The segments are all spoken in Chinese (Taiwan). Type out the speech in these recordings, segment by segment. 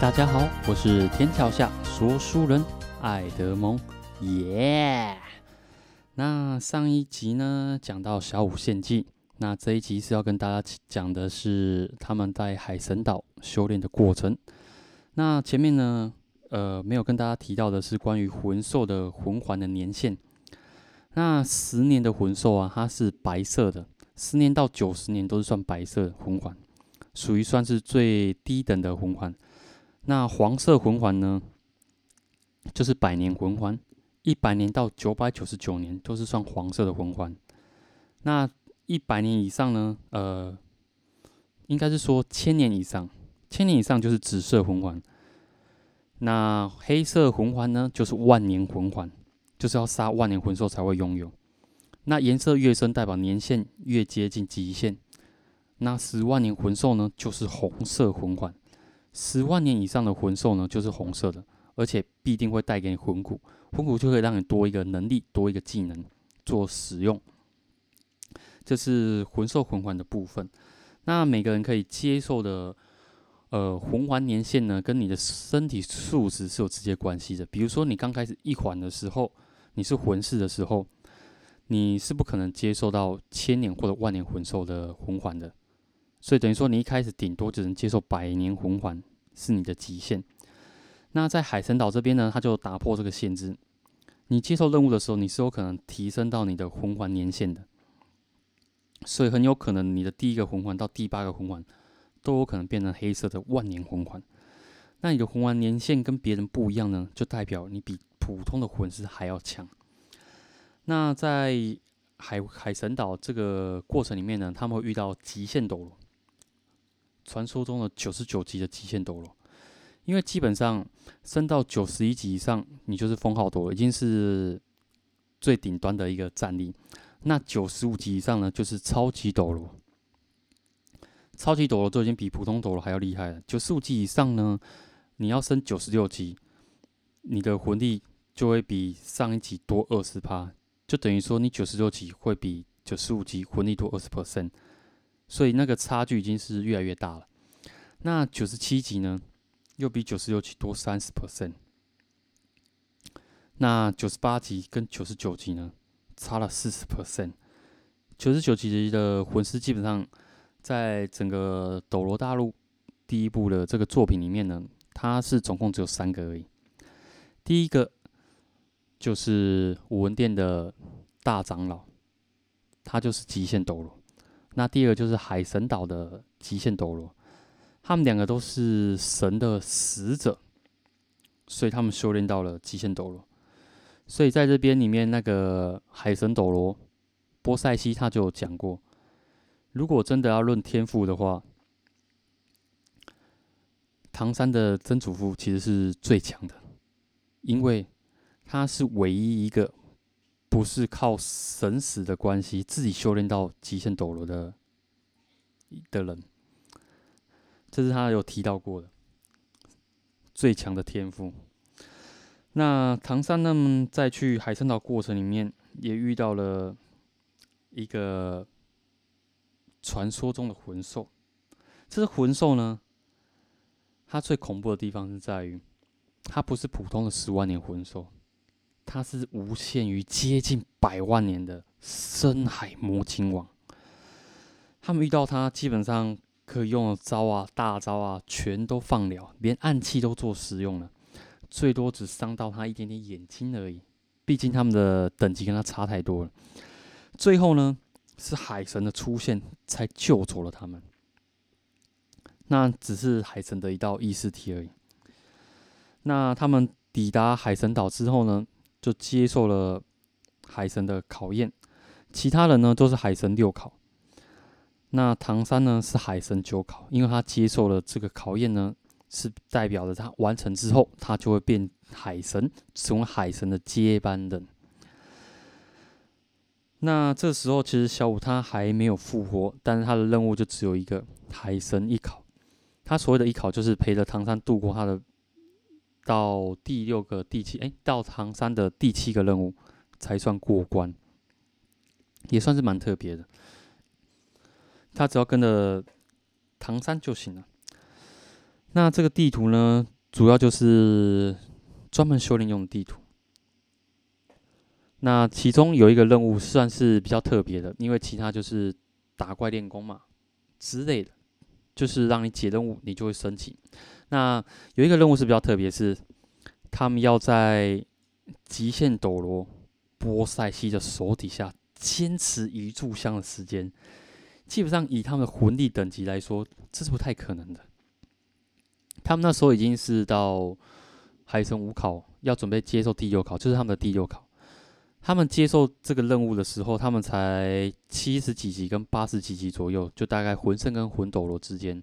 大家好，我是天橋下說書人艾德蒙，耶、yeah！那上一集呢，講到小舞獻祭，那這一集是要跟大家講的是他們在海神島修煉的過程。那前面呢，呃，沒有跟大家提到的是關於魂獸的魂環的年限。那十年的魂獸啊，它是白色的，十年到九十年都是算白色魂環，屬於算是最低等的魂環。那黃色魂環呢？就是百年魂環，一百年到九百九十九年都是算黃色的魂環。那一百年以上呢？呃，應該是說千年以上，千年以上就是紫色魂環。那黑色魂環呢？就是萬年魂環，就是要殺萬年魂獸才會擁有。那顏色越深，代表年限越接近極限。那十萬年魂獸呢？就是紅色魂環。十萬年以上的魂獸呢，就是紅色的，而且必定會帶給你魂骨，魂骨就會讓你多一個能力，多一個技能做使用。這是魂獸魂環的部分。那每個人可以接受的，呃，魂環年限呢，跟你的身體素質是有直接關係的。比如說，你剛開始一環的時候，你是魂師的時候，你是不可能接受到千年或者萬年魂獸的魂環的。所以等於說，你一開始頂多只能接受百年魂環，是你的極限。那在海神島這邊呢，它就打破這個限制。你接受任務的時候，你是有可能提升到你的魂環年限的。所以很有可能你的第一個魂環到第八個魂環都有可能變成黑色的萬年魂環。那你的魂環年限跟別人不一樣呢，就代表你比普通的魂師還要強。那在海海神島這個過程裡面呢，他們會遇到極限斗羅。傳說中的九十九級的極限斗羅，因為基本上升到九十一級以上，你就是封號斗羅，已經是最頂端的一個戰力。那九十五級以上呢，就是超級斗羅。超級斗羅都已經比普通斗羅還要厲害了。九十五級以上呢，你要升九十六級，你的魂力就會比上一級多二十趴，就等於說你九十六級會比九十五級魂力多二十 percent。所以那個差距已經是越來越大了。那九十七級呢，又比九十六級多三十 percent。那九十八級跟九十九級呢，差了四十 percent。九十九級的魂師基本上，在整個《斗羅大陸》第一部的這個作品裡面呢，它是總共只有三個而已。第一個就是武魂殿的大長老，他就是極限斗羅。那第二個就是海神島的極限斗羅，他們兩個都是神的使者，所以他們修煉到了極限斗羅。所以在這邊裡面，那個海神斗羅波塞西他就講過，如果真的要論天賦的話，唐三的曾祖父其實是最強的，因為他是唯一一個。不是靠神使的關係，自己修煉到極限斗羅的的人，這是他有提到過的最強的天賦。那唐三呢，在去海神島過程裡面，也遇到了一個傳說中的魂獸。這隻魂獸呢，它最恐怖的地方是在於，它不是普通的十萬年魂獸。它是無限於接近百萬年的深海魔鯨王，他們遇到它，基本上可以用的招啊、大招啊，全都放了，連暗器都做使用了，最多只傷到它一點點眼睛而已。畢竟他們的等級跟它差太多了。最後呢，是海神的出現才救走了他們。那只是海神的一道意識體而已。那他們抵達海神島之後呢？就接受了海神的考驗，其他人呢都是海神六考，那唐三呢是海神九考，因為他接受了這個考驗呢，是代表着他完成之後，他就會變海神，成為海神的接班人。那這時候其實小舞他還沒有復活，但是他的任務就只有一個海神一考，他所謂的一考就是陪着唐三度過他的。到第六個、第七哎、欸，到唐三的第七個任務才算過關，也算是蠻特別的。他只要跟着唐三就行了。那這個地圖呢，主要就是專門修煉用的地圖。那其中有一個任務算是比較特別的，因為其他就是打怪練功嘛之類的，就是讓你解任務，你就會升級。那有一個任務是比較特別，是他們要在極限斗羅波塞西的手底下堅持一炷香的時間。基本上以他們的魂力等級來說，這是不太可能的。他們那時候已經是到海神五考，要準備接受第六考，就是他們的第六考。他們接受這個任務的時候，他們才七十幾級跟八十幾級左右，就大概魂聖跟魂斗羅之間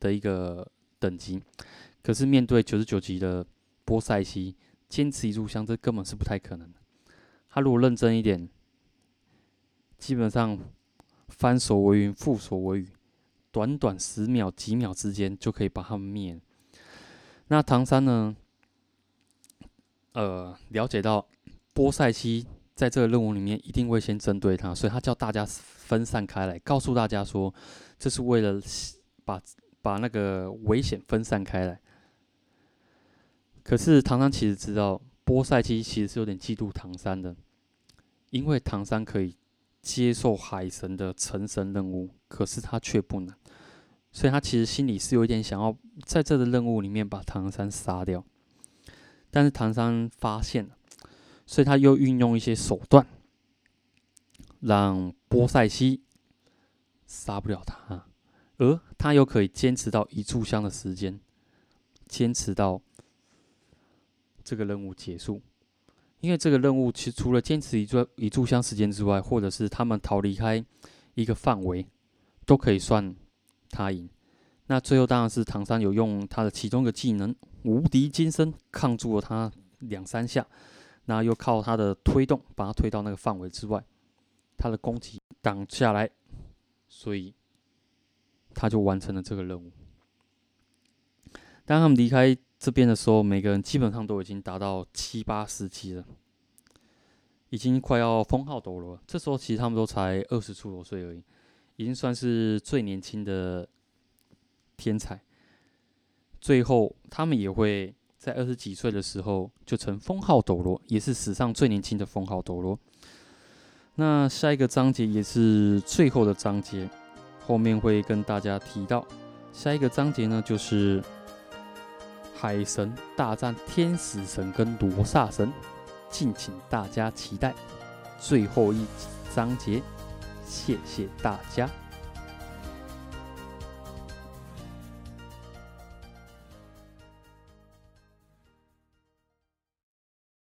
的一個等級，可是面對九十九級的波塞西，堅持一炷香，這根本是不太可能的。他、啊、如果認真一點，基本上翻手為雲，覆手為雨，短短十秒、幾秒之間就可以把他們滅了。那唐三呢？呃，了解到波塞西在這個任務裡面一定會先針對他，所以他叫大家分散開來，告訴大家說，這、就是為了把。把那個危險分散開來。可是唐三其實知道，波塞西其實是有點嫉妒唐三的，因為唐三可以接受海神的成神任務，可是他却不能，所以他其實心裡是有一點想要在這個任務裡面把唐三殺掉。但是唐三發現了，所以他又運用一些手段，讓波塞西殺不了他。而他又可以堅持到一炷香的時間，堅持到這個任務結束，因為這個任務其，其除了堅持一炷一炷香時間之外，或者是他們逃離開一個範圍，都可以算他贏。那最後當然是唐三有用他的其中一個技能“無敵金身”抗住了他兩三下，那又靠他的推動把他推到那個範圍之外，他的攻擊擋下來，所以。他就完成了這個任務。當他們離開這邊的時候，每個人基本上都已經達到七八十級了，已經快要封號斗羅了。這時候其實他們都才二十出頭歲而已，已經算是最年輕的天才。最後，他們也會在二十幾歲的時候就成封號斗羅，也是史上最年輕的封號斗羅。那下一個章節也是最後的章節。後面會跟大家提到，下一個章節呢，就是海神大戰天使神跟羅剎神，敬請大家期待最後一章節。謝謝大家。